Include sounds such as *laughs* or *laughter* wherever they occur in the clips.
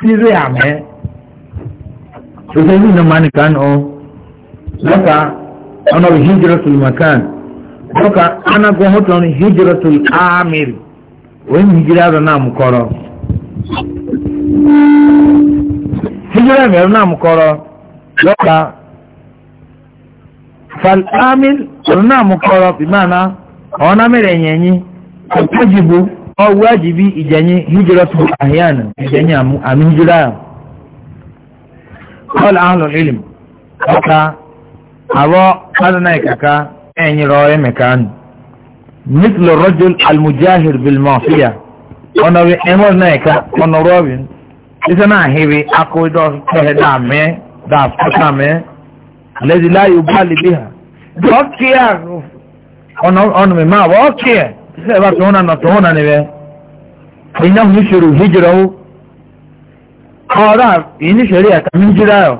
sírí àmẹ́ òṣèlú náà máa nìkan ọ lọ́ka ọ̀nà hijiratul makan lọ́ka anagun hoton hijiratul amir wọ́n hijira rẹ̀ náà mú kọ́rọ́ fal amir ọ wajibi ijenye hijira tu ahyan ijenye ami hijira kọl ahlul ilm ọka abọ adana ikaka enyi rọ emekan مثل الرجل المجاهر بالمعصية ọ̀nà bí ẹ̀mọ́ náà ká ọ̀nà rọ́bìn iṣẹ́ náà hìrì akọ́jọ́ kẹ́hẹ́ dàmẹ́ dàfọ́tàmẹ́ lẹ́dí bá lè bí hà ọ̀nà mi máa wọ́ọ̀kẹ́ sai ba tuhuna na tuhuna ne be innahu yushiru hijrahu qara ini sharia ka min jirayo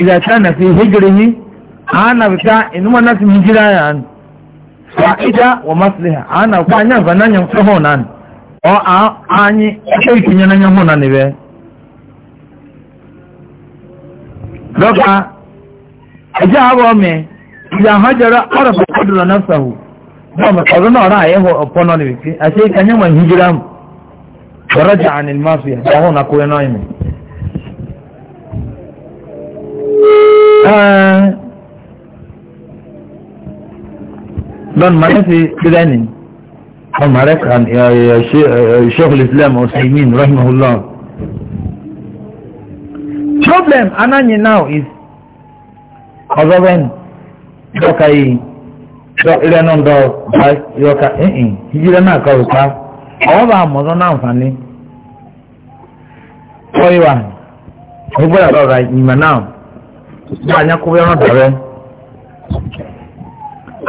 idza kana fi hijrihi ana bita inu mana fi min jiraya an fa'ida wa maslaha ana kwa nya fa nanya tuhuna ne o a anyi sai kinya nanya huna ne be doka ajabo me idza hajara qara qadra nafsahu ba mu tsaro na ra yahu upon on wiki a sai kan yawan hijira mu faraja an al mafiya ba ho na koyo na yi don mana fi bidanin هم عليك عن شيخ الإسلام عثيمين رحمه الله problem anani now is other than okay sọ ilé náà dọ̀ yọka ẹ̀hìn ìjírẹ́ náà kọ̀ ọ̀pá ọ̀wọ́ bá àmọ̀tọ́ náà nfààní ọ̀yẹ̀wà ọgbẹ́ ọ̀rọ̀ rà ìmọ̀ náà wọ́n ànyàkúwé náà dàrẹ́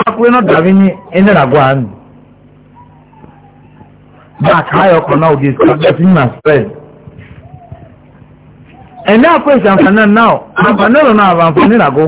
akúwé náà dàbí ní ẹni ràgọ́ àánú báà káyọ̀ ọkọ̀ náà òde ìsọ̀rọ̀ sí mà sẹ́ẹ̀ ẹ̀dá àpò ìsànfàní náà àǹfààní ọ̀rọ̀ náà àǹfààní ràgọ́.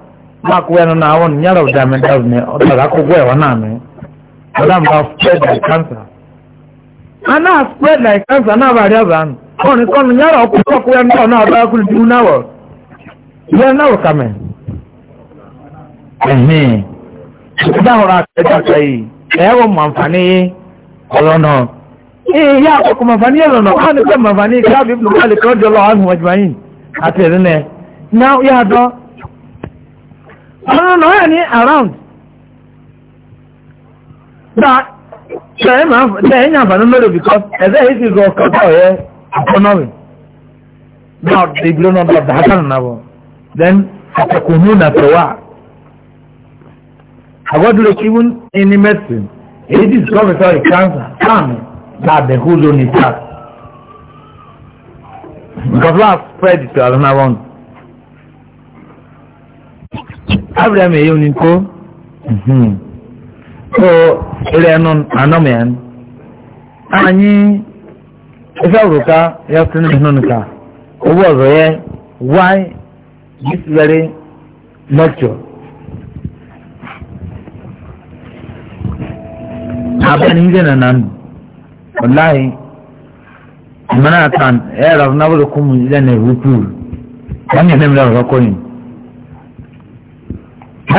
makwenu na awon nyara udamin health ne ọdara akwụkwọ ẹwọ náà mi madam ba spread like cancer a náà spread like cancer náà bá rí ọ̀zà nù wọn ni kọ́nu nyara ọkùnrin ọkùnrin náà náà ọ̀dọ́ ọkùnrin dúró náà wọ̀ ìyá náà wò kàmẹ́ ẹ̀hìn ìdá ọ̀rọ̀ akẹ́kọ̀ọ́ akẹ́ yìí ẹ̀yẹ́ wọ mọ̀nfàní ọ̀rọ̀ náà ee yá àkọ́kọ́ mọ̀nfàní ẹ̀rọ náà wọn ni kọ́ mọ̀nfàní káàbí ibùdókọ́ àlekọ́ ọ̀dọ́ lọ́wọ́ àti ẹ̀rínẹ̀ náà ọ̀rọ̀ náà yà ní around dá tẹ̀yìn àǹfààní lórí because ẹ̀sẹ̀ yìí ti rọ kọ́kọ́ yẹ àkọ́nọ́wì blow number of bá dàgbà nà bọ̀ then àtẹ̀kùnú nà tẹ̀ wá àgọ́dúró kí wọ́n ní medicine èyí ti discover sorry cancer sáàmì bá àbẹ̀kú lónìí ta because wọ́n á spread it to abraham eyo ni ko mhm. so ere anon anomean anyi isawuruka ya tun nunka owo ọzọ yẹ why this very lecture abani nze na nanu wallahi mana kan ẹ eh, rabu na wuri kuma nze na ewu kuru wani ne mìíràn rọkọ yìí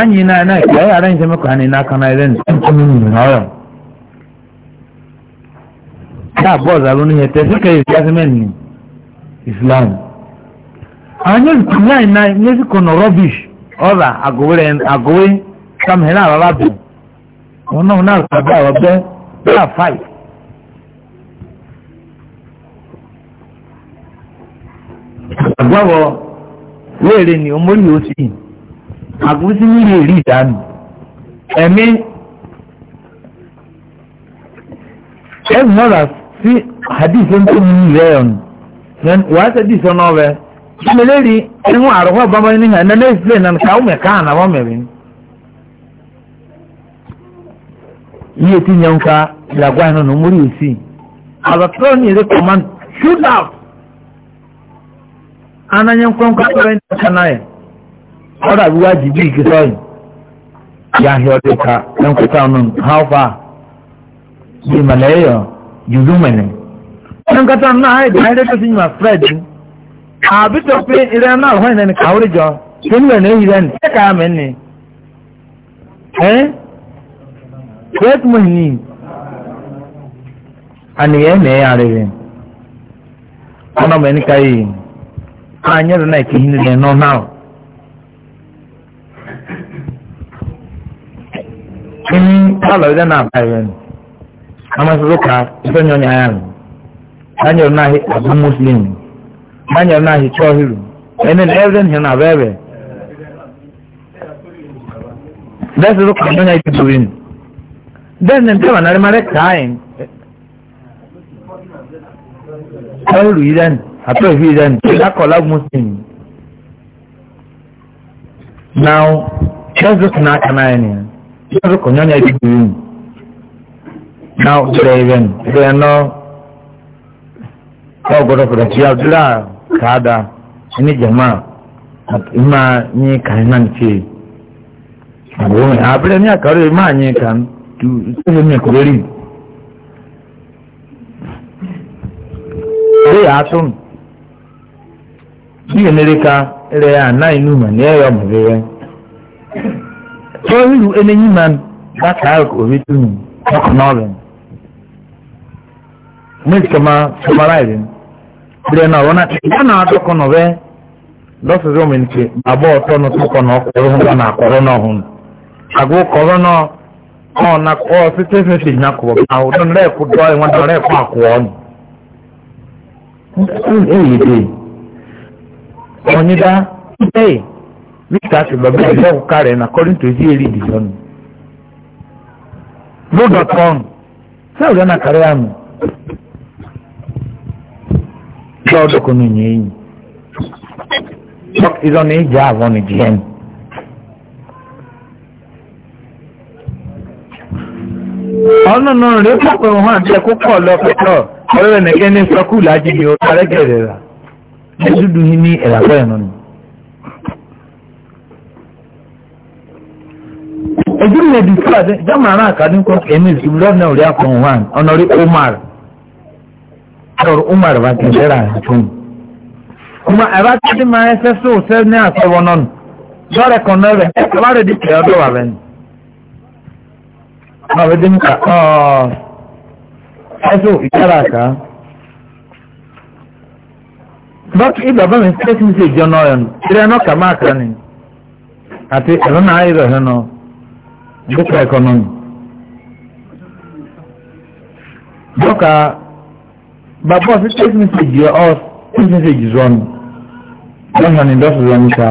anyị na na ka anyị njem ka anyị na-aka na ire ntụmịmị na abụọ taa bọọlụ alụ n'ihe tesi ka ezi islam anyị na nyezikọ nọ rọbish ọla agụwere agụwe samhera bụ wọn náà náà sábà ọbẹ be fáì àbúsí nílé rí ìdánù ẹ̀mí ẹ̀mí mọ́ra sí àdìsẹ́ tó mú ìrẹ́ ọ̀nà wàá sẹ́dí sọ́nà ọ̀bẹ ìmẹ̀lẹ́rì ẹ̀hún àrùkọ́ bàbá yín nìyẹn ẹ̀nà lẹ́yìn sílẹ̀ náà káwọn mẹ̀ká ànáwọ́ mẹ̀rin. yíyẹ tí nyẹ nka ìlàgbá yẹn nínú múrí òsì àbàtúrọ̀ ní èrè kọ̀mán shoot out ananyẹ nkọ́ nkọ́ tó rẹ̀ ní ọ̀kan náà yẹn ọ̀rọ̀ àbí wájú bí igi sọ́yìn yà hìọ́ dé ka ẹnkúta ọ̀nà how far bí màlẹ́yọ̀ jùzú mẹ́lẹ̀. ẹnkúta ọ̀nà àìdẹ́ tó ti yàn fred àbí tó pé ìrẹ́ náà wọ́n ìrẹ́ni kàwé jọ tó ń lẹ̀nà èyí rẹ́ni ṣé ká mi ni. ẹ́ wẹ́t mo ní àníyàn mẹ́ẹ̀ àrẹ̀rẹ̀ ọ̀nà mẹ́ni káyé ànyẹ́rẹ́ náà kì í nílẹ̀ náà náà. in kala idan na bayan amma su zuka idan yon yayan danyar na hi abin muslim danyar na hi chohiru enin everything hina bebe dan su zuka don yaki turin dan nan taba na rimare kayan chohiru idan ato fi idan akola muslim now just na kanayan yóò kò nyọ́nyà ibi gbìyànjú mu náà ọ̀gbẹ́rẹ́ ibẹ̀ nù ibẹ̀ nọ ọ̀ gbọ́dọ̀ fọ̀dọ̀ tí abdulá kàdà ẹni jẹ̀má ìmá nyi kàn náà ti àbúrò mi àbúrò mi àkàrọ̀ ìmá nyi kàn tù sẹ́yìn mi kò lórí. ṣé àtún bí ìnirika rẹ̀ àná inú mọ̀ ní ẹ̀rọ mọ̀ rẹ̀ rẹ̀ tohiru eneyin man láti àárọ̀ orí tóyìn ọkàn náà rẹ̀ mẹ́tì kama sọmara ẹ̀rẹ̀ bẹ̀rẹ̀ náà wọn àti ìyá náà tọkọ náà bẹ́ lọ́sọ̀rọ̀ mi nìkẹ́ bàbá ọ̀tọ́ náà tọkọ náà kọ̀ọ̀rọ̀ hún náà kọ̀ọ̀rọ̀ náà hún àgbo kọ̀ọ̀rọ̀ náà ọ̀ náà kọ́ ọ sí tẹ́sán ṣì ní akọ̀ bá àwọn ọ̀dọ́ náà mita ti bàbá ẹ̀ lọ́wọ́ kárẹ̀ na according to zi eri dìjọ́nù blue dot com sáwùrì ẹ̀ na kárẹ̀ àmì ṣé ọdún kò ní yẹn yìí ìzọ́n ní ìjà àwọn ní gm. ọ̀nà náà rèé pàpẹ́ wọn àti ẹ̀kú pọ̀ lọ́pẹ́tọ̀ ọ̀rẹ́ rẹ̀ nìkẹ́ ní sọ́kùlù ajínigbé ọ̀tá rẹ̀ gẹ̀rẹ̀ rà ẹ̀dúdú yìí ní ẹ̀rà fẹ́ẹ̀ náà ejiri na di fún àti jamana akadun kọ emir ibrahim náà rí akọ wọn ọnọrí umar ọrọ umar bá ti bẹrẹ àtún kuma ẹbá tẹ́tí máa ẹsẹ́ sí òṣè ní àtọwọ́ náà nù lọ́rẹ̀ kan náà rẹ̀ ẹbá rẹ̀ di pẹ̀lú ọdọ wà rẹ̀ nù. náà wọ́n ti ń kà ọ́ ẹ̀sọ́ ìjára àká. dọ́kì ìbàbá mi fẹ́ẹ́ ti ń ṣe ìjọ náà yẹn nù ìrẹ́ kà máa kà ni àti ẹ̀rọ náà ayé rẹ̀ náà dúkà ẹkọnọmì dúkà bàbá ọ̀sẹ̀ text message yẹ ọ́ text message zọ́nù lọ́sàn ni dọ́sù zọ́nù ká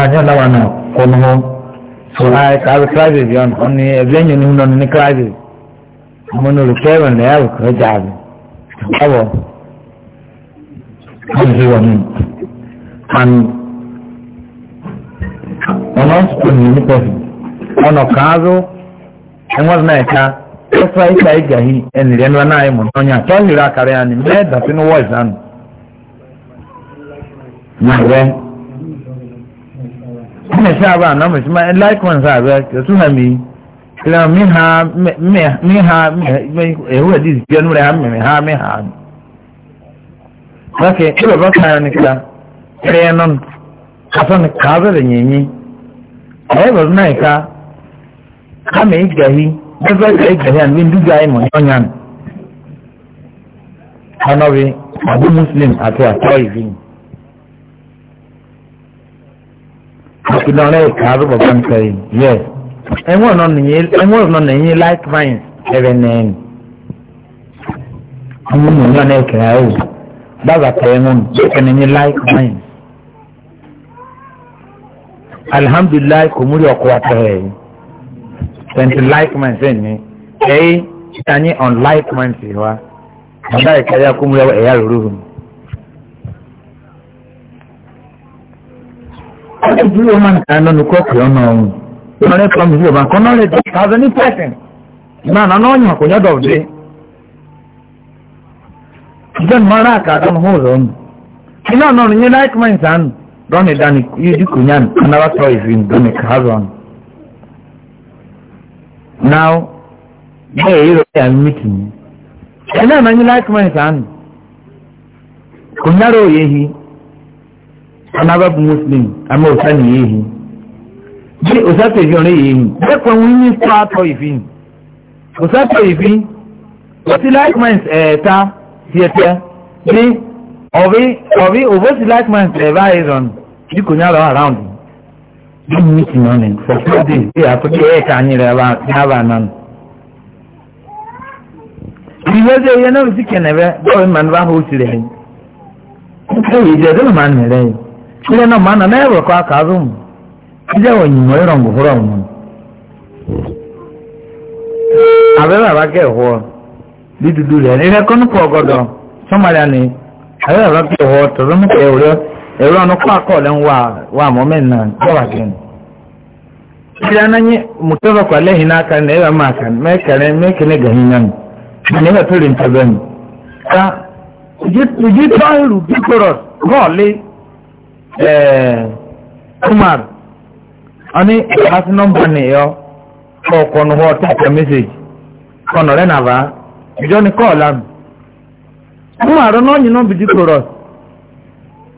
àti ọ̀làwà náà kọ́nù hó so àì kàwé crisis yọ̀n ọ̀nì ẹ̀bí ẹ̀yìn ni múnà ní crisis ọmọ ní olùkẹ́rọ̀ ní ẹ̀rọ kọ́ jáde báwọ̀ wọ́n ti wọ̀ ní and ọ̀nà ọ̀sùn ní nípa ọ̀sùn. ọnọ kaazụ. azụ enwere na eka ịsa ịgaghị eniri enu anaghị mụ n'ọnya ka ọ akara ya ni mee n'ụwa ịza nụ nyere ina sha na mu shima likewise sa ba ke su ha mi ha ha n'ụlọ mmemme ha ha ha ka ka dị nyenye. na kama ịgaghị ebe ka ịgaghị a ndị nduzi anyị nọ n'ọnya nọ anọghị abụ muslim atụ atọ iri akụdọrọ ka arụ bọba nkari yes enwere nọ na-enye like vines ebe na-enye ọmụ ụmụ ya na-ekere ahụ dabata enwe m dịka na-enye like vines alhamdulilayi kò múlò ọkọ wa tẹ̀lé twenty like minds ẹ̀ ní ẹ̀yí ìta ní unlike minds wa ọ̀dà ìkàyà kúmúlẹ̀ ẹ̀yà rúru hù. ọ̀dọ̀ ìdúró wọn máa ń kàn lọ́nu kọ́ọ̀kì ọ̀nà ọ̀hún ìrọ̀lẹ́ kan mi sí ọ̀bà kan náà lè dé thousand ní person ìmáà náà náà yàn kò yọ̀dọ̀ ọ̀dẹ́. ìjọba máa ń rà àkàtà ọ̀hún ọ̀rọ̀ ọ̀hún iná náà ní like minds àánú lọ́nà ìdánilójú kò yàn kánáwá sọ ìfìdánilójú kò yàn now bẹ́ẹ̀ yìí rẹ̀ àmì mítì ní ẹ̀dá àmà ní láti mọ̀ ìsàánù kò nára òye hi anábàbù muslim àmì òsà nìyé hi bí òsà tèjì ọ̀rẹ́ yìí hi bẹ́ẹ̀ pẹ̀ wọ́n ní sọ àtọ̀ ìfín òsà tọ̀ ìfín ó ti láti mọ̀ ẹ̀ẹ́ta sí ẹ̀tẹ́ ní ọ̀bí ọ̀bí òbó ti láti mọ̀ ẹ̀ẹ́bá ẹ̀rọ̀n bí kò nára around don't meet morning for four days dey àtúntò ẹ̀ ká anyi rẹ̀ n'aba nan. ìwé ṣe yẹn náà sì kẹ̀nẹ̀ bẹ́ bọ́ọ̀lù màá nípa hó tirẹ̀ yìí. ṣé èyí ṣe ẹ̀dọ́nà màá nìrẹ̀ yìí. ṣílẹ̀ náà màá nà náà ẹ̀rọ kọ́ àkàzọ́ mu. ṣíṣe wọ̀ nyìmọ̀ ẹ̀rọ ǹgò fúrọ̀ mu. àbẹ̀rẹ̀ àbákẹ́ ẹ̀họ́ dídúdú rẹ̀ ẹ̀rẹ́ kọ́nùkọ́ ọgọ́dọ̀ sọ́mọ́lá ni àbẹ̀rẹ̀ àbákẹ́ ẹ̀họ́ tọ̀dọ́mùkẹ́ ẹ̀rọ ẹ̀rọ ọ̀nà kọ́ àkọọ̀lẹ̀ ń wà wà mọ́mẹ́rin náà gbọ́wà gẹ̀ẹ́nì. Ṣé anáyé mùtọ́lọ́kọ̀ lẹ́yìn náà kan ẹ̀rọ máa kan mẹ́kẹ̀rẹ́ mẹ́kẹ̀rẹ́ gẹ̀yìn náà ní ẹ̀rọ tó lè tó ń Kumar ọní ìfàsí nọ́mbà nìyọ ọkọ̀ nùhọ́ tàkà mẹ́sẹ̀gì kọ̀nà nàbà kọ́ọ̀lá mi.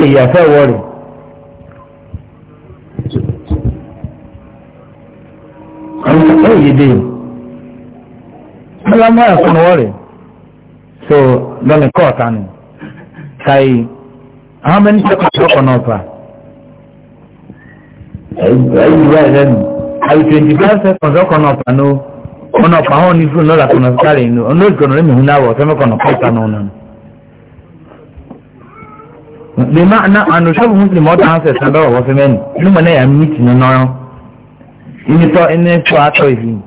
èyí àfẹ́wọ́ rẹ̀. àwọn èyí dé ọlọ́mọ ẹ̀fọ́nwọ́ rẹ̀ so lọ́nà kọ́ọ̀tà ni kàì àwọn mẹ́ni sẹ́kọ̀tì ọkọ̀ náà fà ẹ̀yìn ìwé ẹ̀rẹ́ nù àyè twenty five seconds ọkọ̀ náà fà nù ọ̀nà ọ̀pá àwọn onífúnù náà làkùnà sáré nù ọ̀nà ìkànnì rẹ̀ mìíràn náà wọ̀ ọ̀sẹ̀ mẹ́kànnà kọ́ọ̀tà náà nù the man and ushabu muslim all answers and all was men no man I am meeting no no in the in the to ato him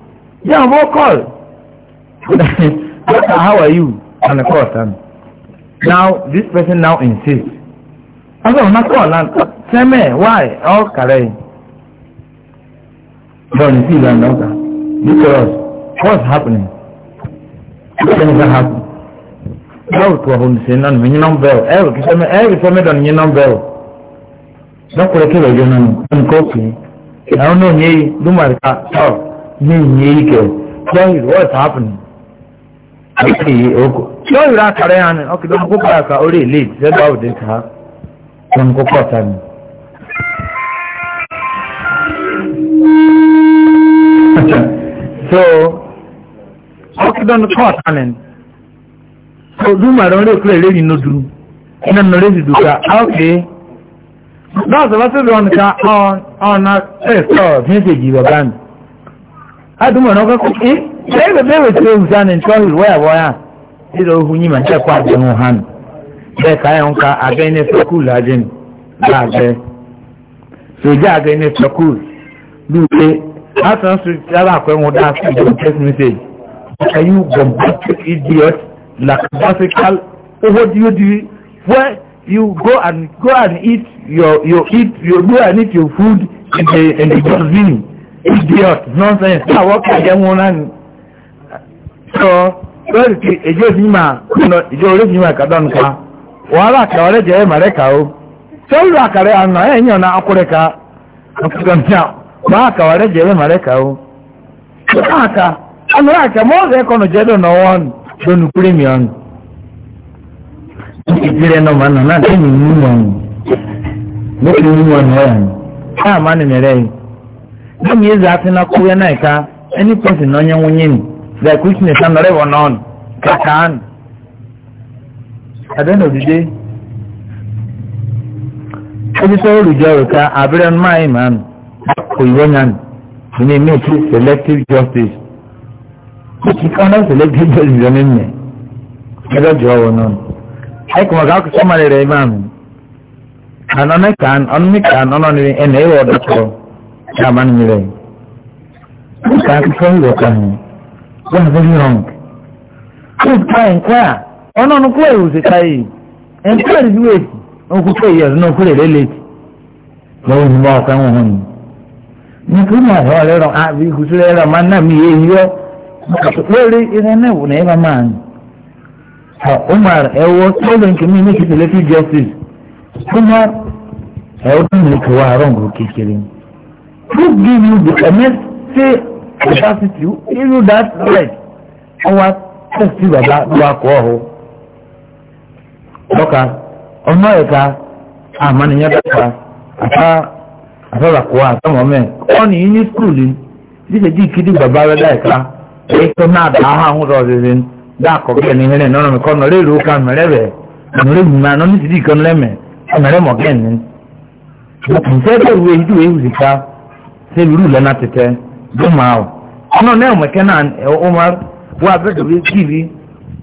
yeah what call how are you and of course and now this person now insists I don't know call and tell me why all correct don't see that now because what's happening what is happening bẹ́ẹ̀ tó ọ̀hún ṣe náà mi nyiná bẹ́ẹ̀ ẹ̀rù kí sẹ́mi ẹ̀rù sẹ́mi dàn nyiná bẹ́ẹ̀ lọ́kùnrin kí lọ́jọ́ náà ní kò pè é àwọn náà nyé yìí dùmọ̀rì ká tọ̀ ní nyé yìí kẹ̀ lọ́yìn what's happening àti yìí oko lọ́yìn rà kàrẹ́ hàn ní ọkì lọ́mọ kókó àkà orí ilé ìdílẹ́dọ̀ àwòdì ká lọ́mọ kókó ọ̀tá mi. so ọkì lọ́mọ kókó ọ̀tá mi do na, odúmọ̀ràn rẹ̀ kúrẹ̀ lè nínú dúró iná nà rẹ̀ sì dùkà áwọ̀dé lọ́sọ̀ lọ́sọ̀rọ̀ ọ̀nìkà ọ̀nà ẹ̀sọ̀ méjèèjì bàbá mi adúmọ̀ràn kọ́kọ́ kí ẹ̀rọ bẹ̀rẹ̀ tí ó ń sá ní tọ́lù wọ́yàwọ́yà ìlọ ohun yìí mà ń tẹ̀kọ́ àjẹun hàn bẹ́ẹ̀ káyọ̀ ń ka abẹ́ ní sọ́kùlù ajẹ́nu láàbẹ́ sòjà abẹ́ ní sọ́kùlù lùpẹ́ látọ̀ ń sọ like bicycle owo do you do where you go and go and eat your your eat your go and eat your food in the in the dustbin idiot nonsense na work eh, oh. them eh, one and so lórí ti èjì òsínmà kùnà ìjọ orí òsínmà kàdán ká wàhálà kà ọ̀rẹ́ jẹ́ màrẹ́ kà ó tó ń lọ àkàrẹ àná ẹ̀ yàn náà akúrẹ́ ká ọ̀kùnrin náà wàhálà kà ọ̀rẹ́ jẹ́ màrẹ́ kà ó. àkà àná àkà mọ́ọ̀sẹ̀ kọ́nù jẹ́ dùn náà wọ́n ni donu kuremi ọnu ìdílé náà máa nà náà lẹ́yìn inú ọ̀nù lókè inú ọ̀nù ọ̀yàn káà máa nìmẹ̀rẹ̀ yìí lómi eze atina kúrẹ́ náà ká ẹni pọ̀sì náà yẹn wọ́n yẹn ni bẹ́ẹ̀ kú sinmi sanu rẹ̀ wọ́n náà nù kàkà nù. àdéhùn òdìdé ebi sọ́wọ́ olùjọ́ rẹ̀ ká abẹ́rẹ́ máa yìí máa nù kò ìwé yàn nù ní mí ti selective justice kikanan su lafi da zanen ne ya da jawo nan ai kuma ga ku sama da imam an on kan on mi kan on on ni en e wo da ko ya man mi le ka ku son go kan wa da ni ron ku kan ka on on ku e u se kai en ka ri we on ku pe yes no ku le le le lo ni ma kan won ni ni lórí ìrìn náà wò ní ẹ̀rọ máa ń umar ẹ̀wọ́ tọ́lọ̀ nkìíní ní kìtìlẹ́tì justice kuma ẹ̀wọ́ tó ní ìkọ̀wé àrọ̀ǹgò kékeré who give you the embassy capacity inu that right ọwọ́ tẹ̀sí bàbá ọ̀hún lọ́ka ọmọ ẹ̀ka àtàwọn ní skul eto na da ha hu ro zin da ko ke ni hele no no ko mere be no le ma no mere m gen ni ko se de we e se ruru le na tete no ne o me ken Omar give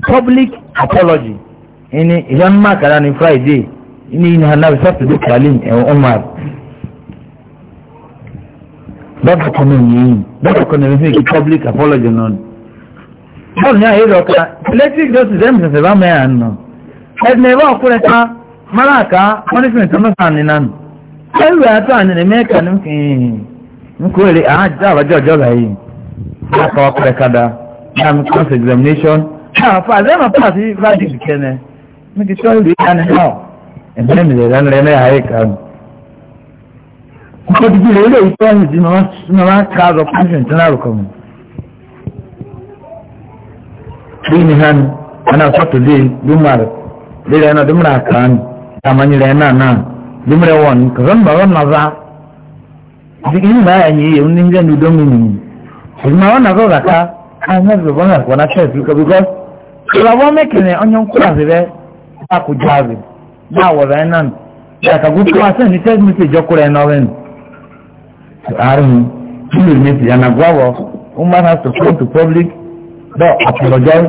public apology ini ihan ma kala ni friday ini ni hanabi saturday kalin bàbá kan náà yìí bàbá kan náà fi public apology náà bọ́ọ̀lù ní àyè lọ́ka electric doses ẹ̀mí sẹ̀sẹ̀ bá mẹ́ra nù ẹ̀dùn ẹ̀bá ọ̀kúrẹ́ ká máràká punishment ọ̀nà sàn nínà nù ẹ̀rù àtọ́ àní ní mẹ́ka ní nkúrè àájá àbájọ́ ọjọ́ rẹ̀ yìí àkọ́ ọ̀kúrẹ́ kádà yàrá cross examination àfà lẹ́mà pàṣẹ verdict kẹ́nẹ́ mi ti tọ́ ìlú kò dìbò lórí èyí tó ń di ní wọn ká lọ pẹ́ńsìn tó náà rọ̀kọ̀ mu. bí ni hàn ana sọ́tò dé dùmàr lórí ẹ̀nà dùmàr àkàn àmànyìlẹ̀ ẹ̀nà náà dùmàr wọn kọ̀sán bàbá nàza dìgbì ní báyà nyìí yẹn ní njẹ́ ní dọ́mì nìyí. ìgbìmọ̀ àwọn nàzọ́ zàká àwọn ẹ̀sìn bọ́n náà wọn aṣọ ìfúkọ bíkọ́s ìlàwọ́ mẹ́kìnrin ọ̀nyọ́ nkúrà sí rẹ̀ bá kú jáde bá wọ̀ rẹ̀ náà yàtọ̀ gbogbo àṣẹ ní tẹ́sí mi ti ìjọkùrẹ̀ náà rẹ̀ nù àárín kílò méjì yanagbawọ woman has to come to public dọ apologize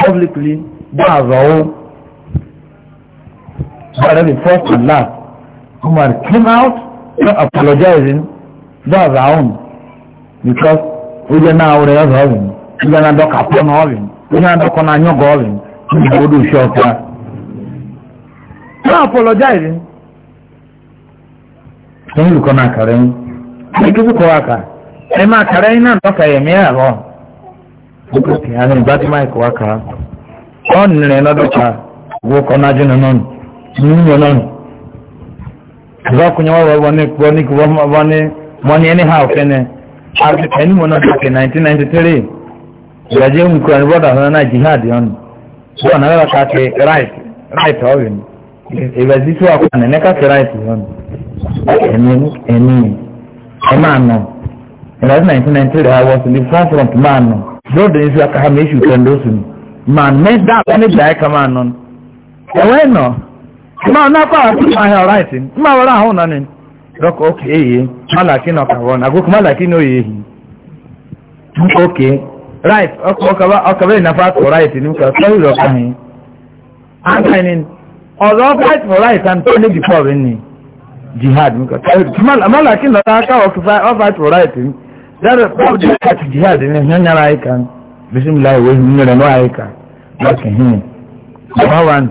publicly dọ àzọwọ bọ́ọ̀rẹ́ the first and last woman came out dọ apologizing dọ àzọwọ because ojú náà ó rẹ̀ ọ̀zọ̀ ọ̀rìn ojú náà dọ́kà pọ̀ náà ọ̀rìn ojú náà dọ́kọ̀ náà yọ̀gọ̀ ọ̀rìn ojú náà ó dùn sí ọ̀tá. dọ apologizing. Can you look on that, Karen? akikizu kwa waka ema karai na ndoka yemea ho bukuti ani batima iko waka on ne na doka wo na jina non ninyo non za kunya wa bane kwani kwa bane mwani ene ha kene arbi kani mona ke 1993 yaje mkwani boda na jihad on so na la ka ke right right owen ebazitu akwa ne ka ke right on eni eni ọmaanọ ẹnlẹ nineteen ninety three was sọ ní front front maanọ bọọdù ní sọ aka ha méjì kẹndó sọ ní maanọ mẹ dá ẹni dá ẹka maanọ ẹwẹ nọ máa ná kọ àwọn tó máa hẹ ọráìtì máa wọlé àwọn ọ̀nà ni dọkọ ókè èyí málàkì náà kàwọ náà àgókò málàkì náà yẹ èyí ókè right ọkàwé ìnáfà tó ráìtì ní ka sọ́yìn ọ̀kàn yìí àgbà yìí ọ̀rọ̀ right for right and tó níbi pọ̀ rẹ̀ jihad malakin da ta kawo offer to right dara babu jihad ne nan yara aika bismillah wai mun ne na aika lakin hin ba wan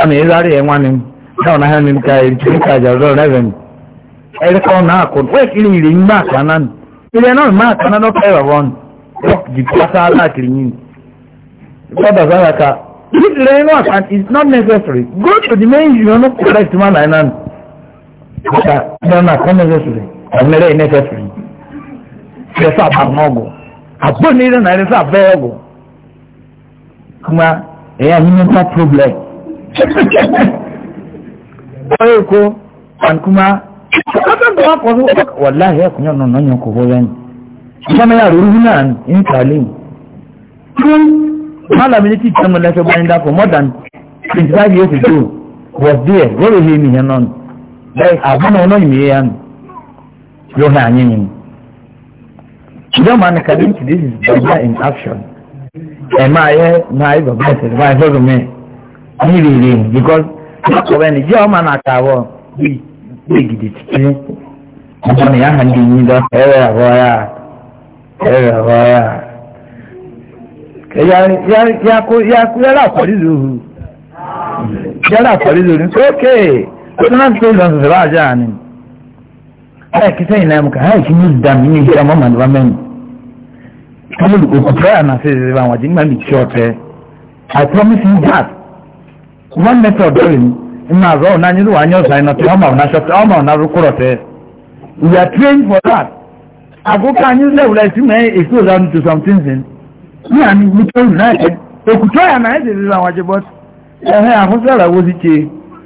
ana yi zare yan wani da wani hannun kai cikin kajar da raven ai da kawo na ko wai kili ne ma kanan ile na ma kanan da kai won di pasa la kini ko da This is not necessary. Go to the main, you correct man, I kódà mẹ́rin àkọ́nà lẹ́sùrẹ̀ ọ̀mẹ́rẹ́ ìnẹ́fẹ̀sì fẹ́sà àbàmọ́ ọ̀gọ̀ àbó ní ìrìn àìrẹ́sà abẹ́rẹ́ ọ̀gọ̀ kuma ẹ̀yà mímíta problem ọ̀rẹ́ èkó ànkúmá ọ̀sẹ̀kọ̀ akọ̀ sí wàláhì ẹ̀kúnyọ̀ nọ̀nà yẹn kò bóyá ni ìsọ́mẹ́yà rúrú náà ń kàlẹ́ fún malability chairman lẹ́sọ̀ bá ń more than twenty five years ago was there wọ́n lè he mi yẹn náà dai abin wani mai yan yau na yin idan ma na kadin ki this is Baba in action ẹ máa yẹ máa yẹ bàbá ẹsẹ bàbá ẹsẹ ọdún mẹ ní rere because ọkọ bẹẹ ni gidi títí ọmọ ni ya hàn dín yín lọ ẹrẹ àwọ ya ẹrẹ e àwọ ya yàrá àkọlí lòrù yàrá àkọlí nan prison su ba ja ai ki sai na muka hai ki mun da mini hira mama da mamen kamu ko ko na sai ba waji ma mi chote i promise you that one method doing ina zo na nyi ruwa nyo sai na to ma na shot ma na rukuro te we are trained for that ago kan you level like me it goes down to something in ni ani mi to na e okutoya e na e ze ba but eh ahun sara wo si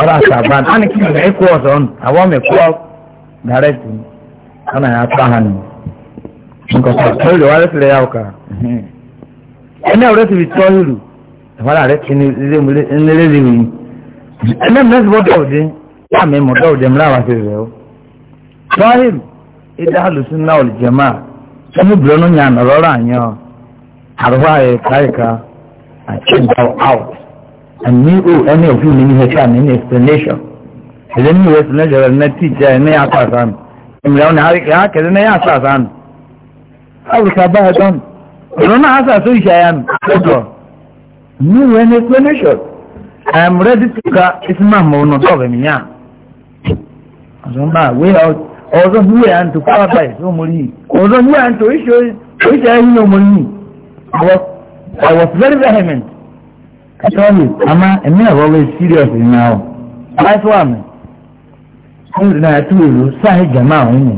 ọ̀rọ̀ àṣàbàn á ní kí nìyẹn kú ọ̀sọ̀ ọ̀nù àwọn mi kú dàrẹ́tì ọ̀nà yà pa hàn ní. nǹkan kan tó lè wá rẹ́sì rẹ̀ yà ọ̀kà. ẹni ọ̀rẹ́ ti fi tọ́ ìlú ìwádà rẹ̀ ti nílé rí rí. ẹni mẹ́sì bọ́ dọ̀ọ̀dé yà mí mọ̀ dọ̀ọ̀dé mi láwa ti rẹ̀ o. tọ́hìm ìdá àlùsùn náà ò lè jẹ máa ẹni bìrọ̀nù yàn ọ̀rọ̀ rà yàn àrùwá ẹ̀ka ẹ̀ka àti out and me oh any of you need to come any explanation idan ni wasu na jarar na tija na ya sa san imra wani har ya kaza na ya sa san abu ka ba don rona asa so shayan to ni when explanation i am ready to ka isma mo no to be minya azon ba we out ozo huwe an to kwa bai so muri ozo huwe an to isho isho yin no muri i i was very vehement Actually, ama emi na always serious now. That's why. Life one. Hundred na two ru sahi jama o ni.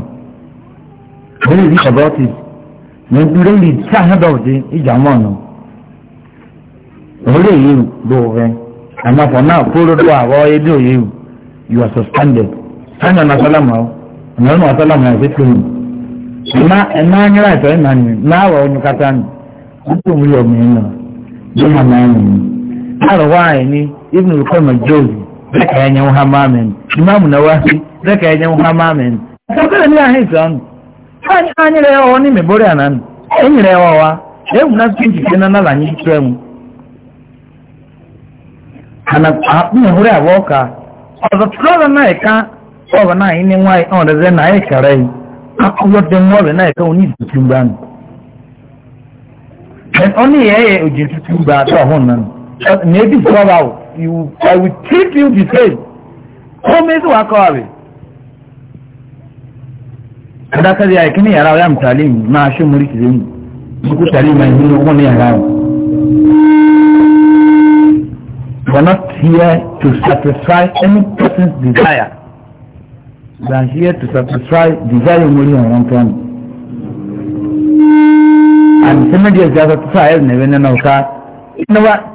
Very rich about it. when Mo dure ni sahi do de ijama no. Ore you do I'm not for now Pull it do awo e do yi. You are suspended. Sanya na salama o. Na na salama e se tun. Na na nyira to e na ni. Na wa onyu kata ni. Ko mu yo mi na. Jama na ni. arwaye ibn al-qayyim al-jawzi zaka yanya imam nawawi zaka yanya muhammadin saboda ni me bore anan wa e muna kinji kenan na lanyi trem ana abu ne hore aboka ozo tsoro na eka ozo na ini nwai on de na eka rai akuwo de nwo na eka oni oni ye ba to hon nan Uh, maybe somehow you i will treat you the same komai zuwa kawai kadakar ya kini yara ya mutali ma shi muriki zai suku tali mai nuna wani yara we not here to satisfy any person's desire we are here to satisfy desire muri one time. and some of you guys are satisfied never know that. you know what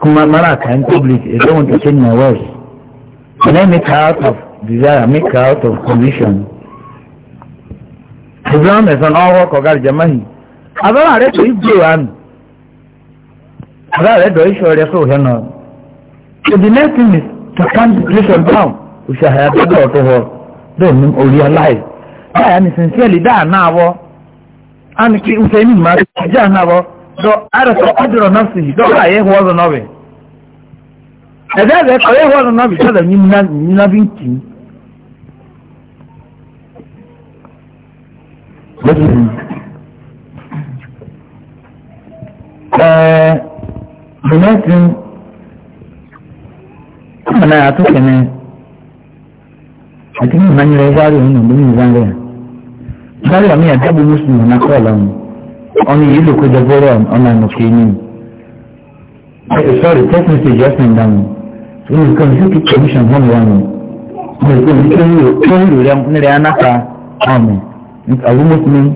kuma maraka in public don't want to change my words can I make her out of desire make her out of condition Islam is an all work of God Jamahi abẹ́rẹ́ to tó ìgbé wa nù abẹ́rẹ́ to dọ̀ ìṣọ̀ rẹ̀ sóò hẹ́nà so the next thing is to calm the situation down òṣèhàyà tó her tó wọ̀ dọ̀ ní orí aláì báyà ni sincerely that náà wọ́ á ní kí ń fẹ́ ní ìmọ̀ àti ìjà náà dɔ arasa ɔdɔrɔ nafsi dɔ a ye hɔzɔ nɔbɛ ɛdɛ bɛ kɔ ye hɔzɔ nɔbɛ sɔdɔ nyina nyina bi ti ɛɛ bɛnɛ ti kɔmana a to kɛnɛ a ti ni ma nyɛrɛ wari o ni o ni zange ya wari o ni a dabu ọ̀nà yìí ló kọjá bọ́rọ̀ ọ̀nà ànàfẹ́ ní. sorry text message just now down so ní nǹkan ìsìnkú commission hàn wà ní. mo rò pé ní kí wọ́n lò rẹ̀ ní rẹ̀ anáka àmì àwọn mùsùlùmí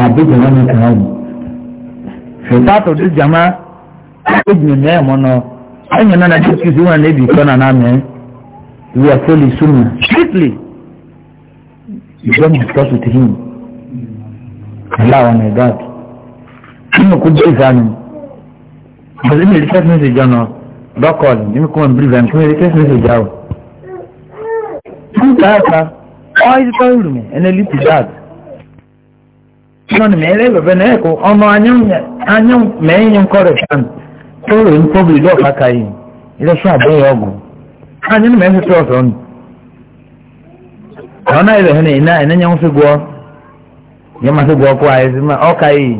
àbíjì wọn ní kàn án. fìtàtò tó jàmá ẹgbẹ̀rún ní ẹ̀mọ́ náà ẹ̀yìn náà nàìjíríà kìí sí wọn níbi ìkọ́ náà náà mẹ́ we are fully sunna strictly you don't discuss with him allow on oh sínú kó jẹ́ ìsanu bàtí mi rí text message ọ̀nà lọ́kọ̀ọ̀lù ní kó wọn bí ìbẹ̀rẹ̀ kó mi rí text message o nígbà àkà ọ́ ìsítọ́ ìlú mi ẹni lè ti dáàd nọ́ọ̀nì mẹ́rin bẹ̀bẹ̀ náà ẹ̀kọ́ ọmọ anyọ́ mẹ́rin ń kọ́ rẹ̀ sàn tó rẹ̀ ń pọ́bìlì lọ́ọ̀fà káyìn ilẹ̀ṣẹ́ àbẹ́yẹ ọ̀gùn anyọ́ mẹ́rin ti tọ́ ọ̀sán ni àwọn náà ìbẹ̀rẹ̀ náà ẹ̀ náà ẹ̀ náà yẹn ń fi gbọ́ yẹn máa fi gbọ́ kó àyè sí ma ọ́ káyìn.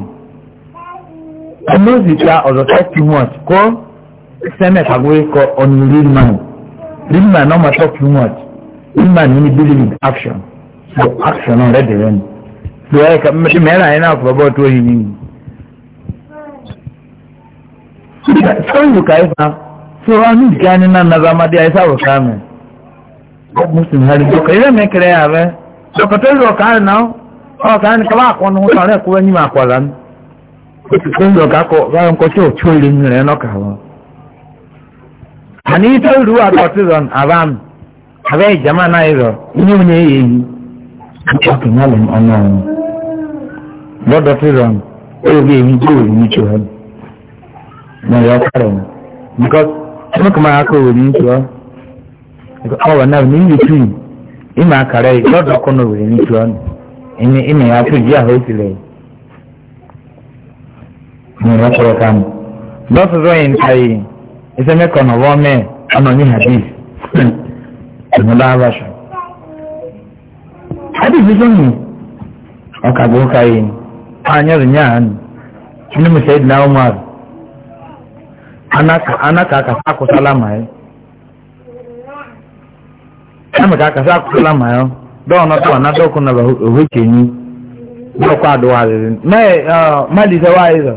ọmọzìkà ọ̀rọ̀ talk too much kọ́ sẹ́mẹ̀t àgbẹ̀ kọ ọ̀nì real man real man ọmọ talk too much real man ní believe in action so action ọ̀rẹ́ dẹ̀rẹ́ ni lọ́wọ́ ẹ̀ka mẹ́tí mẹ́rin àyẹ̀ náà fọ́bọ́ tó yìí nìyí. sọ́yìn bùkà ẹ̀fà sọ̀rọ̀ ní ìdíkà ní náà nàbà amadé ayé sáwọ̀ sáàmì muslim hali dọ́kà ilé mẹ́kẹrẹ yà rẹ̀ dọ́kà tó yọ ọ̀kà rẹ̀ náà ọ̀kà rẹ̀ ní kọ́ kóńdọ̀ kakọ báwọn kọ́ tí ò tó lé nínú rẹ̀ lọ́kà wọn. àní tó rú àtọ̀tìrọ̀n àbám abẹ́ ìjàmá náà rọ̀ inú mi èyí èyí ọkì náà lè ọ̀nà ọ̀hún lọ́dọ̀ tìrọ̀n ó rí èyí tó rí ní tiwọn ní ọ̀yọ́ kárẹ̀ wọn. because ẹni kò máa kó òwòrán tó ọ ọwọ́ náà ní ìlú tù yìí ìmọ̀ àkàrẹ̀ lọ́dọ̀ kọ́nà òwòrán tó ọ ẹni ìmọ̀ àtúndì àhóṣìlẹ̀ yìí nínú ọ̀ṣọ́ kan lọ́sọ̀ sọ́yìn káyé iṣẹ́ mẹ́kànnà wọ́n mẹ́ ọ̀nà ní hadith ìmúlá abaṣọ. hadith sọ́yìn ọkà bó káyé anyọ̀rọ̀ nyà hàn ní musaid na umar anaka aka sako salama yi anaka aka sako salama yi dɔw na tɔn na dɔw kun na ba ohu kenyi dɔw kɔ aduwa de mɛ mali sɛ waa yi zɔ.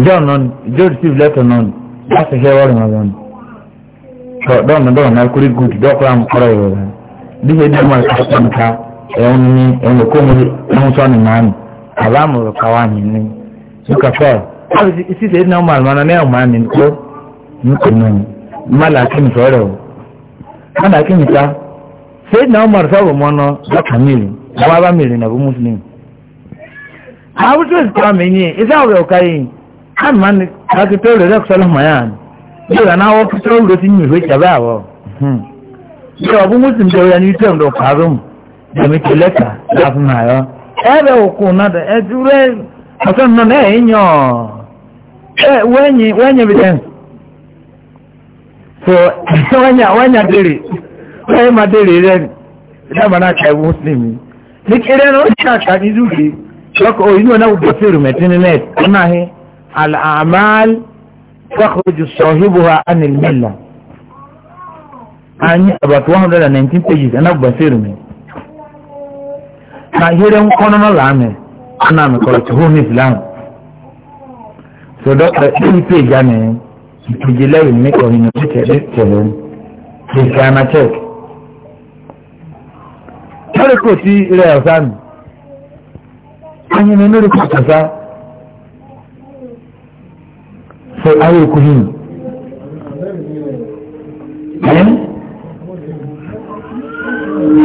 john non john receive letter non láti ṣe wọ́n rìn wọn. sọ dọ́ọ̀nù dọ́ọ̀nù náà kúrì gùd dọ́ọ̀kọ́ àwọn kọ́rọ̀ ìwé rẹ̀ bí ṣe dẹ́mọ̀ ìkàtà nìka ẹ̀hún ní ẹ̀hún kó mu ẹ̀hún sọ ní màánù àbámu rẹ̀ káwá ní ní. nípa fẹ́ ọ́ sí ṣe dínà ọmọ àlùmọ́ náà ẹ̀hún màánù kó nípa náà mmadu akim sọ̀rọ̀ o mmadu akim ta ṣe dínà ọmọ rẹ̀ sọ̀rọ̀ mọ́ náà lọ́kà mìíràn àwọn abá mìíràn nàbó muslim. àwọn tó ṣe ama ni tó lè dẹ́kun mayan yóò rà náà hmm. fi tó lè ti yìn ìwé ìjàmbá àwọ̀ yóò ọ̀bùn mùsùlùmí tó yẹ ní ìtọ́ ìdọ̀ kàrún dẹ̀mí tó lẹ́tà láfún àyọ́ ẹ òkú náà ọ̀sán náà náà yàn bi dẹ́n so *laughs* wẹ́nyà wẹ́nyà dèrè wẹ́nyì má dèrè rẹ dábàá náà kà ẹ ní kéré náà ó الأعمال تخرج صاحبها عن الملة أني أبات واحد لنا 19 pages أنا بصير من ما هي لهم قانون العام أنا مقرأت هو نفلان so doctor any page أنا page لا يملك أو ينبت يتكلم please can I check تركوا تي إلى أسان أنا نوري كتسا so ayé kú yìí.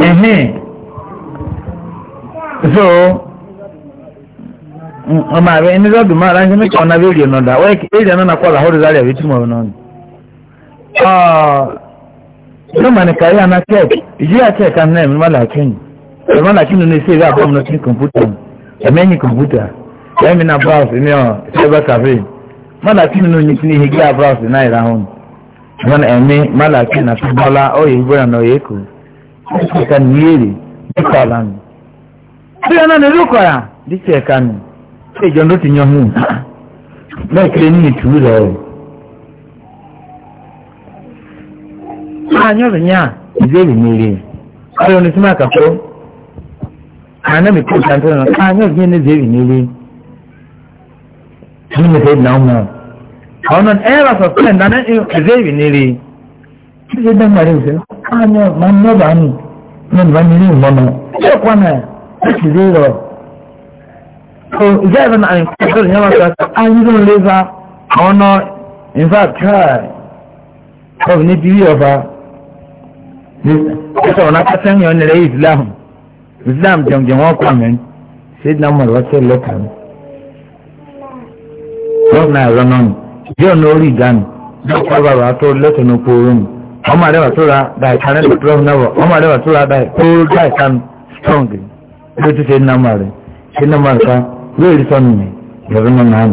ẹ̀hìn so ọmọ àbẹ ẹni tó dùn máa ránṣẹ́ mẹ́ta ọ̀nà lórí ọ̀nà ọ̀dà wọ́n èdè náà kọ́ ọ̀là ọ̀dà rẹ̀ tí mo rọ̀ náà. lọ́mọ ni kàrí àná tech ìjírà tech kan náà ẹ̀mí mọ́lá kíni ẹ̀mí mọ́lá kíni ní ṣe ìwé àbọ̀mọ́ ní kọ̀ǹpútà ẹ̀mẹ́yìn kọ̀ǹpútà ẹ̀mí náà browse ní ọ̀ cyber cafe. malaki nínú yìí ní ìhìgí abraus náà ìrahùn wọn ẹ̀mí malaki náà tó bọ́lá ọ̀yẹ́ ìgbéra náà ọ̀yẹ́ kù ọ̀sẹ̀ kan ní èrè nípa ọ̀lànà. bí wọn náà nílùú kọ̀ọ̀yà díkì ẹ̀ka nù ṣé ìjọ ló ti yan hù bẹ́ẹ̀ kiri ní ìtú rẹ̀ o. máa yẹn à ìbéèrè mi rè ọ̀rọ̀ onísìmọ̀ àkàkọ́ àná mi kó ìtàn tó tun da sayyidina umar a wannan era sosai da nan zai ne re shi zai dan mare sai a ne man ne ba ni nan ba ni ne ba ma ya kwana shi zai ro to zai ban an kasar ya ma ta an yi zan leza a wannan in fact kai ko ni biyo ba ni ta na kasan yawan da islam islam jamjan wa kwamen sayyidina umar wasu lokacin lọ́wọ́ náà ẹ̀rọ náà yóò ná orí ìdáni dọ́kítà bàbá tó lẹ́tọ̀ ní oko oorun ọmọ àdẹ́wà tó ra dà ìkànnì lọ́wọ́ náà ọmọ àdẹ́wà tó ra dà ìkóró dà ìkànnì strong ló ti ṣe nàmà rẹ̀ ṣe nàmà rẹ̀ ká yóò rí sọ́nù mi ìrọ̀rùn náà náà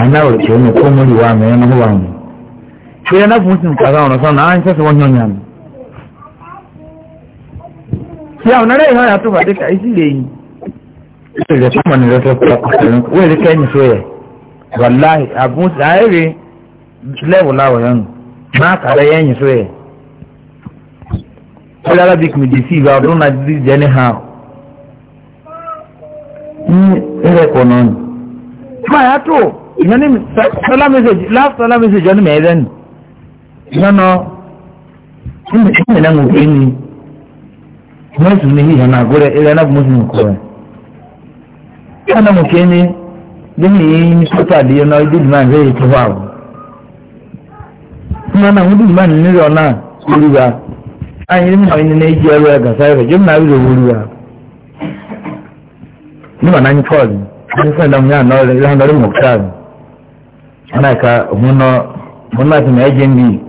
anáwòrán kìí ní kó múlì wá mi ẹnu wà mí. ṣé ẹ náà fún sí nǹkan ọ̀rọ̀ sọ́nà á ń sẹ́sẹ̀ wọ́n yàn yàn mí. ṣé àwọn ará ìhàn àtúbàdé wàláhì àbùn àìrí lẹ́wù láwọ̀ yẹn nù náà kàrẹ́ yẹn yìí sóyè wọ́n yára bí kìmìdì sí ìgbà ọdún náà dídí jẹ́ ní hàn ní ẹ̀rẹ́ kọ̀ náà nù. máa yá tó ìyẹn ní sọlá mẹsàgì láàfù sọlá mẹsàgì ọ̀nà mẹ́rẹ́ nù ìyẹn náà ìmìtì náà ń wò ní mọ́sùn ní ìyẹn náà gbọ́dọ̀ ẹ̀rẹ́ náà mọ́sùn kọ̀ ẹ̀ dini misota di yana idi man zai ta fa abu kuma na hudu man ni rona wuri ba an yi mina wani na iji yaro ga sai ba jimna bi da wuri ba ni ba nan kawai ni sai da mun na da han da mu ka ana ka munno munna ta mai jindi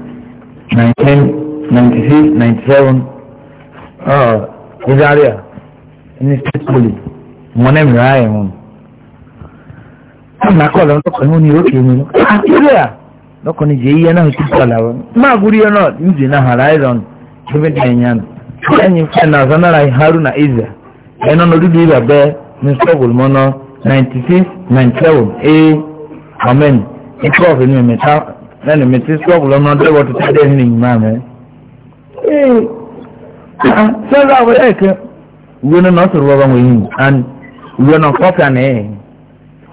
1996 97 ah izariya ni state police mo ne mi na kọlọ ntọkọ ní oní òkè mi ilé à lọkọ ní jẹ iye náà kíkọ làwọn máa gúrí yẹn náà nzì náà horizon ṣẹbi dà ẹ̀yà nù ẹ̀yìn fẹ́ náà sanara na ezra ẹ̀yìn náà lórí ìgbà bẹ́ẹ̀ ní sọ́ọ̀bù mọ́nà ninety six ninety seven ee amen ní twelve ní mẹ́ta lẹ́nu mẹ́tí sọ́ọ̀bù lọ́nà dẹ́wọ́ tó tẹ́ dẹ́nu nìyí máa mẹ́. sọ́ọ̀bù àwọn ah, ẹ̀kẹ́ ìwé náà sọ̀rọ̀ wọ́n wọ̀nyí and ìwé náà kọ́pì àná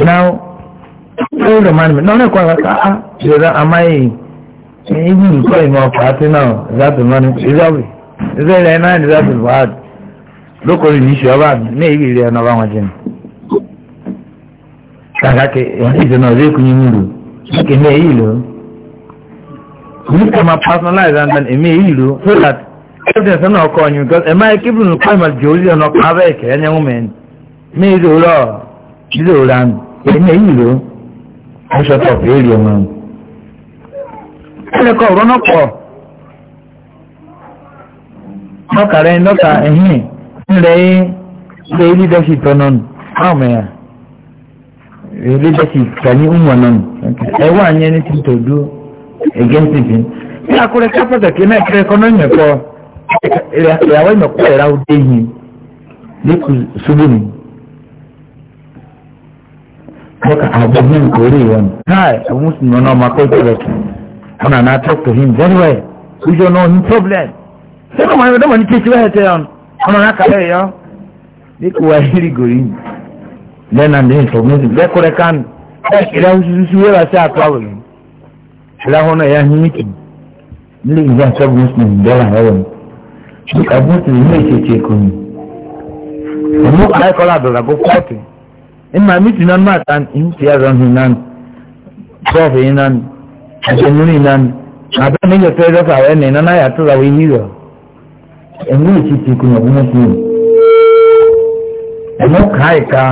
now ó lè máa nìyẹn lọ́nà ìkọ́ àwọn ká ṣẹlẹ̀ amáyé ibi nǹkan ìmọ̀ pàtó náà ìdáàbò náà ìdáàbò ìdáàbò ẹ̀ náà ìdáàbò wà á lókòrò ní ìṣù ọba àbí ní èyí ìrẹ́ ọ̀nà ọba wọn jẹun. kàkà kẹ ìwọ́n ìṣẹ̀ náà ọ̀dọ́ ìkùn yín mú lò kẹ ní èyí lò. we can ma personalize and then èmi èyí lò so that evidence náà kọ́ ọ̀yìn because ẹ̀ máa kí ìlò ranu èmi èyí ló ń sọtọ̀ fèrè wọn. ẹlẹ́kọ̀ ọ̀rọ̀ náà pọ̀ lọ́kàrẹ́ lọ́kà ẹ̀hìn ńlẹ̀ ilé leadership tọ́nà nù fáwọn mẹ́yà leadership tani umar nù ẹ̀wọ̀n àyẹ̀ ní ti tò dúró against it. bí akúrẹ́ kápẹ́tà kí náà kẹ́rẹ́ kọ́ náà yẹn kọ́ ìyàwó ìmọ̀kú ẹ̀rá ó yìí lẹ́kùn sóbìnrin. Look, I was in Korea one. Hi, I must know now my culture. And I talk to him very well. We don't know him problem. Say, come on, I don't want to teach you how to on. Come on, I you. Look, we are really going. Then and then, so maybe they could have come. Ila hususu wewa saa travel. Ila hona ya himiki. Nili inza sabu muslim dola hewa. Look, I want to make a check on you. Look, I call out the go fighting ima miti nan matan in ti yaran hinan prof hinan ajenu hinan abin ne ya tsaye zaka wa ne nana ya tura wa yi da in yi ci ci kuma kuma su ẹnu káyì ká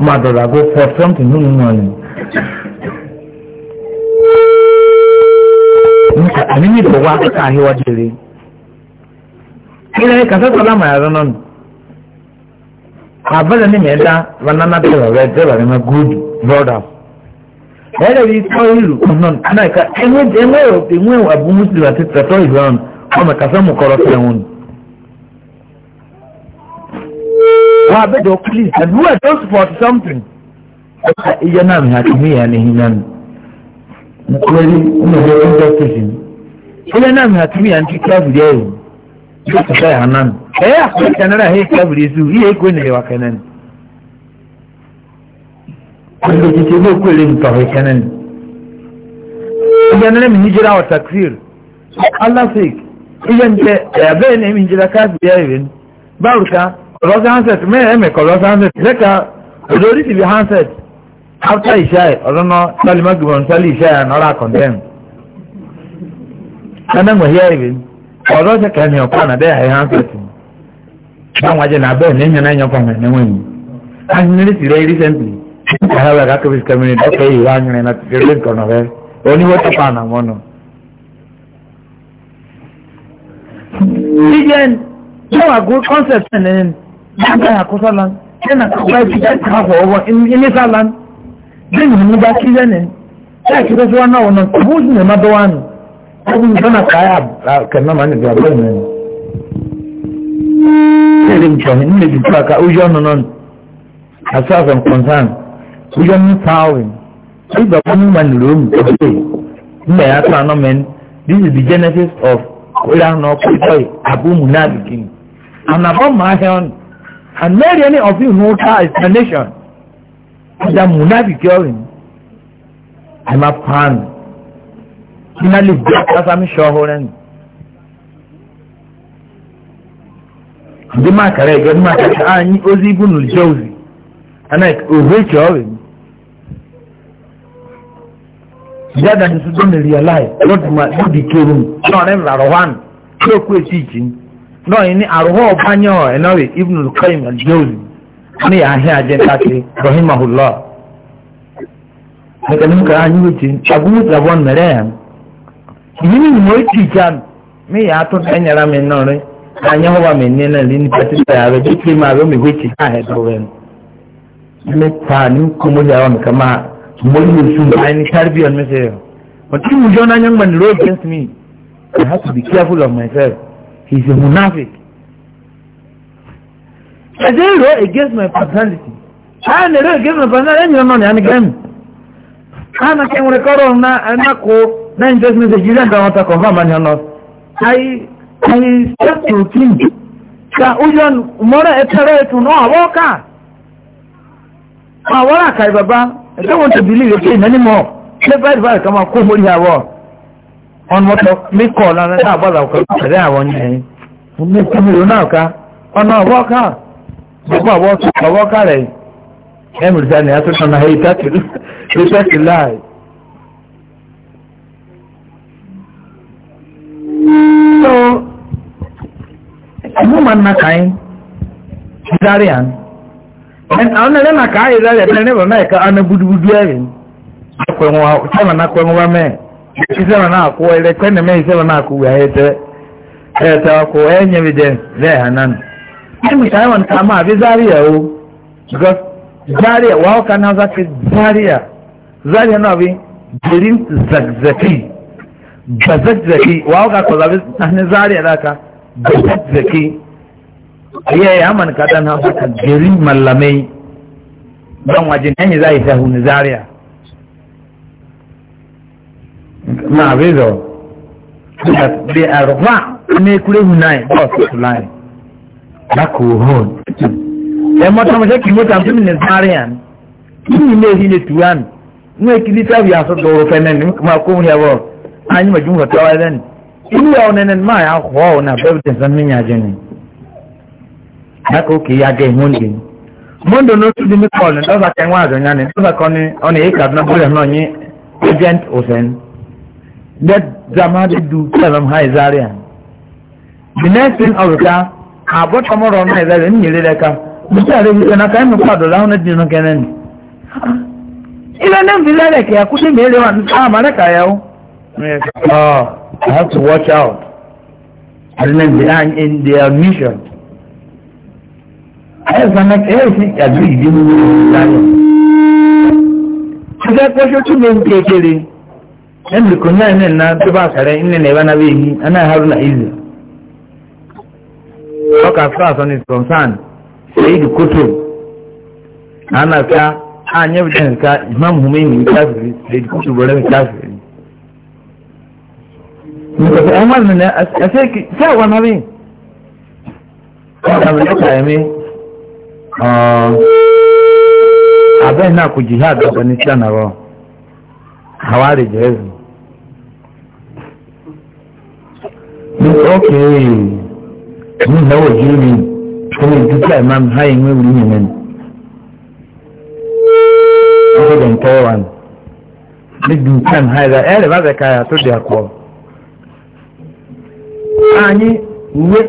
máa dọ̀dà go for something nínú wọn ni. do mi lọ wá káàhíwá dèrè. ilé ẹ̀ka sọ́kọ̀ lámà ẹ̀rọ náà nù. abala ni mẹ́ta banana tẹ̀lé rẹ̀ tẹ̀lé rẹ̀ ma good brothers. ẹ̀rẹ̀ yìí tọ́ ìlú ọ̀nàn anáìka ẹ̀wẹ̀ ẹ̀wẹ̀ ẹ̀wẹ̀ abu muslim àti tẹ̀tọ́ ìlú ọ̀nà ọmọ kàfẹ́ mu kọ́rọ́ fẹ́ wọn. wọ́n abẹ́jọ́ please and who are those for something. ọ̀ka ìyá náà mi àti mi yà ni hin náà nìkúrẹ́lì ọmọ ìjọba ń jẹ́ station. ìyá náà mi àti mi yà ń ti kíláàsì díẹ̀ yìí. yóò tẹ̀sẹ̀ yà hàn nù ẹ̀yẹ àpẹẹkẹ náírà yẹ kábìrì èso yíyẹ èkó nà ẹ̀wà kẹ́nẹ́ nù. ọ̀sẹ̀ títí ilé òkú èlé nìtọ̀ ọ̀hẹ́ kẹ́nẹ́ nù. ọ̀sẹ̀ náírà mi níjẹ́ra wọ̀ takfir alasik iye ń tẹ ẹ̀yà bẹ́ẹ̀ ni mi níjẹ́ra kábìrì ẹ̀rẹ́ nù. báwo ká ọ̀rọ̀sẹ̀ handset mẹ́rin ẹ̀mẹ̀kọ̀ ọ̀rọ̀sẹ̀ handset lẹ́ka olórí ti fi handset after ìṣáì ọ̀rọ̀nà sálímọ́gbìmọ̀ sálí ìṣáì àná ọ̀rọ̀ àkọ̀ndẹ́m. ọ̀rọ̀ ṣe kẹ́ ni ọ̀pá náà bẹ́ẹ̀ ẹ̀hán sẹ̀tì báwọn ajẹ́ náà bẹ́ẹ̀ ní ìyẹn náà yẹn pọ̀ mọ̀ yìí a ti ní ìsìlẹ̀ yìí recently ẹ̀hán dọ́kẹ́ yìí wá nyìnrín náà ti fi rí nǹkan rẹ̀ oníwó tó pa àná mọ́nu. jíjẹn náà go concept ẹ̀ ní dáadáa àkóso lan ṣé nà kọ́ báyìí jíjẹn kan fọ ọwọ́ bí abin kana kaya kan na mani da bai nan ne din ko ne din ka ka ujon non asasan konsan ujon tawin sai da kuma man rum ko ne ya ta no men this is the genesis of kula no ko sai abu munafikin and abon ma hen and many any of you know that explanation that munafikin i'm a fan ina le gbé asami sɔhore ni ndị makara ege makara anyị ozi ibu na jọzi ana ohe chọọrị ya da nsu do meri alai lord ma do di kerum no ne la rohan ko ko ti ji no ni arho banyo enori ibn al qayyim al jawzi ni ya he aje ta ke rahimahullah ne kan ka anyu ti abu da bon merem yìí ni mo ti jà mí yà á tún ẹnyẹra mi náà rẹ anyẹ wọn wà mí ní náà lé ní pẹtí bẹyà rẹ bí kí máa rẹ mi wé ti ká ẹdọ rẹ nù mi pa ní kọmọ yà wọn kà máa mo ní oṣù mi àyìn ní caribbean ọ̀nà mi sẹ́yọ̀ but if you join anyang man row against me I have to be careful of myself he is a munafic I dey row against my personality I dey row against my personality ẹ̀yìn ọ̀nà ni a ní gẹ́mi. Ana kẹ́wọ́n rẹ̀ kọ́rọ̀ ọ̀nà ẹ̀ náà kó nine text message you send àwọn ta confirm and yan lọ. i i step to clean ka ujan mọ́rẹ́ ẹ̀tẹ́rẹ́ ètò náà àwọ̀ ká àwọn àkàrí bàbá ẹ̀tẹ́ wọn ti believe pé ìnáni mọ̀ ṣé come báyìí kan máa kó mórí àwọ̀ ọ̀n mọ́tọ́ mi kọ̀ lọ́nà náà bọ́ọ̀lù àwọn ọ̀kadà àwọn yẹn mo ní kí mi lò náà ká ọ̀nà àwọ̀ ká gbogbo àwọ̀ ká rẹ̀ ẹ̀mí rìsà ní àtúntàn náà èyí tẹ́tì láì. so umuman na kain zarian and an ne na kai zarian ne ne ba mai ka an budubudu yarin akwai wa tana na kwai wa mai isema na ko ile kwene mai isema na ku ya ete ete ko na evidence there hanan ni taiwan kama bi zaria o because zaria wa kana zaki zaria zaria na bi jirin zakzaki gazazzaki wa ka ko zabi sanin zari da ka gazazzaki aye ya man ka dan ha ka gari mallamai dan waje nan zai sahu ni zariya na bezo da bi arwa ne kure hunai ba su lai da ko hon ya mata mace ki mota mutum ne zariya ni ne ne tuwan ne kilita biya so do fe ma ko ya ba an yi majin fatawa zan ilu ya wani nan ma ya kuwa wani abubuwan san min ya jini na koke ya ga ihun din mun da notu di mikol ne dɔba kan waa zɔnya ne dɔba kan ne ɔne yi ka na bolo na nye agent osen de zama de du kɛlɛm ha izaria the next thing ɔbi ka a bɔ tɔmɔrɔ na izaria e n yɛrɛ dɛ ka musa yɛrɛ bi na kan e mi kɔ a dɔ la di no kɛnɛ ni ilé ne nfi lɛ dɛ kɛ kutu mi yɛrɛ wa a ma dɛ ka yɛ o. Oh, I have to watch out. I then behind in their mission. I have to make everything that we do in the Ṣé kọ́ṣọ́ tún ló ń kékeré? Ẹnì kò náà ní ẹ̀nà tó bá sẹ̀rẹ̀ ní ẹ̀nà ìbáná bí èyí, ẹ̀nà ìhàrú náà ìzì. Ọkà Fras on his concern, Ṣèyídì I Ànàká, Ànyẹ́bìtẹ̀ nìka, Ìmáàmù Hùmẹ́yìn nìka, Ṣèyídì Kótó bọ̀rẹ́ nìka, Ṣèyídì ɗan wannan ne a sai ki sai wani abin abin da kayami abin na ku jihad da wani sanarwa hawari jesu ok ni nawo jiri kuma duka imam hayin mai wuri ne nan ọdún tọwọn ni dukan haida ẹrẹ bá zẹ kaya tó di akọ anyị uwe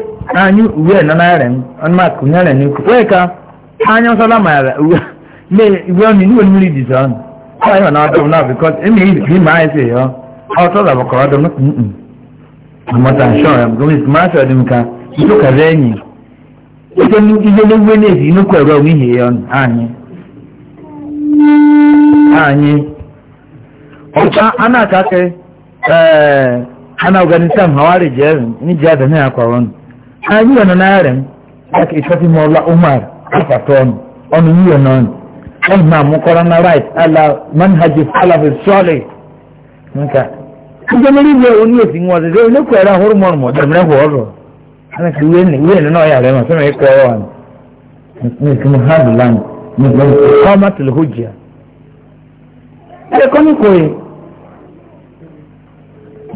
anyị uwe nọ n'arịa m ọnụ ma kụ nyere n'ekwu wee ka anya nsọla maara uwe mee uwe ọnụ n'uwe mmiri dị sọ ọnụ ọ e anyị na ọdụ na bikọt eme ihe ihe ma anyị sị yọọ ọtọ da ọ dọ n'ụkwụ nkụ amata nsọọ ya gọọmenti ma asọ dị m ka ntụ kaza enyi ike ihe n'egwu na ezi nnukwu ebe ọmụ ihe ya ọnụ anyị anyị ọcha a na-akakị ee hana ganin tam hawari jerin ni jiya da naya kwaron an yi wani naren ya ke shafi mola umar afaton on yi wa non on na mu corona right ala manhaji salafi sole nka an jẹ mẹrin bẹ oní òsì wọn ọdẹ ní kọ ẹran hormone mọ dẹmẹrẹ kọ ọrọ ana ti wé ní wé ní náà yà rẹ mà sọmọ ẹkọ ọrọ wa mu hard land ní ìgbà mi kọ́ ọ́ má tẹ̀lé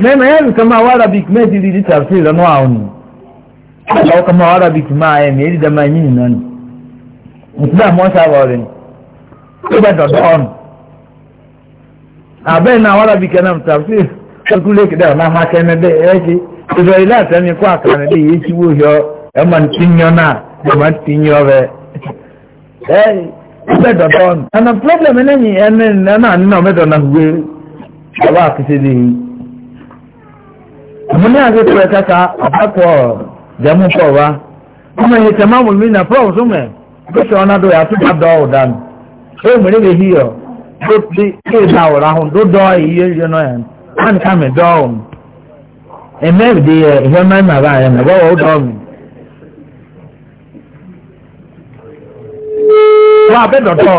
mẹ́mẹ́ yẹ́rù kan máa méjì rí ní tàbí ìrànú àwọn ni àwọn kan máa máa ẹ̀ mẹ́rin dá máa yín nìyẹn ni nígbà mọ́ sábà rẹ̀ ó bẹ dọ̀dọ̀ ọ̀nù àbẹ́ náà wá arabic tàbí ìrànú kí dáa máa máa kẹ́ni bẹ́ẹ̀ ẹ́ ṣe ìṣòro ilé àtẹ́ni kó àkàrà bí èyí tí wò yọ ẹ̀ máa ti yan náà ẹ̀ máa ti yan rẹ̀ ẹ̀ ó bẹ dọ̀dọ̀ ọ̀nù and the náà ni ẹ̀ náà mun ya zai tura kaka a ko da mun ko ba kuma ya tamamul minna fa usume bisa wana do ya tu da do dan so mun ne hiyo do di ke na ora hun do do yi e, yo no yan an ka me do e me di e, he ma ma ba ya na ba o do mi wa be do do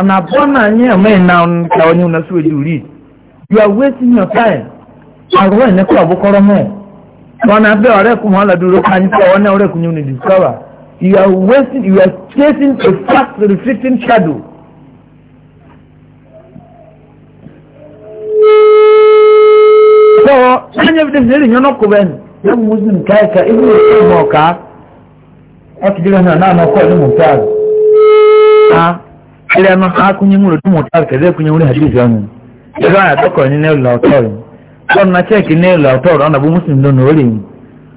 ana bona nye me na ka onyu you are wasting your time àrùwẹ̀ ní kó àbúkọ́rọ́ mọ́ wọn náà bẹ́ẹ̀ ọ̀rẹ́kùn wọn lọ́dún ló náà ọ̀rẹ́kùn yóò ní discover you are wasting you are chasing a fast reflecting shadow. so ẹ̀yẹ́ fi tẹ̀sí ìyọ́nà kò bẹ́ẹ̀ ni yẹ́n mú muslim káyẹ̀ká ibi ní ìṣe ìmọ̀ ọ̀ká wọ́n ti dìgbà náà náà kọ́ ní mọ̀tàr ilé ẹnu akúnyẹ́mú lòdì mọ̀tàr kẹ̀dẹ́ kúnyẹ́mú ní àdìsí ọ̀nà ìjọba àtọkọ̀ ní nílò ọ̀tọ̀ yìí lọ́nà chẹ́ẹ̀kì ní ìlú ọ̀tọ̀ ọ̀nà bó mùsùlùmí lónìí ó lè mú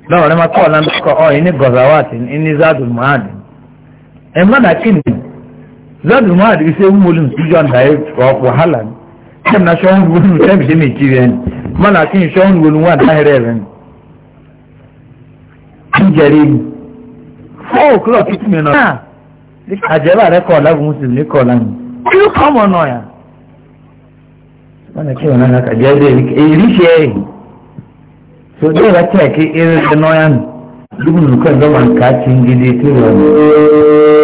lọ́wọ́ rẹ̀ máa kọ́ ọ̀nà kọ́ ọ̀yìn ní gọ̀zàwàtì ní zadul muhad ẹ̀ mọ́nà kíni zadul muhad fi ṣe wúmọ́lù níjọ́ ọ̀nà ẹ̀ ọ̀pọ̀ hàlà ní ṣẹ́mi náà ṣọ́hún wọnú ṣẹ́mi ṣe mi kiri ẹni mọ́nà kíni ṣọ́hún wọnú ni. ìjẹ̀rẹ̀ mi four o'clock kìtìmí rẹ̀ kọ́ wani na kajaze yi so dai ba ta ke irin da noyan duk nukan zaman kacin gidi tuwa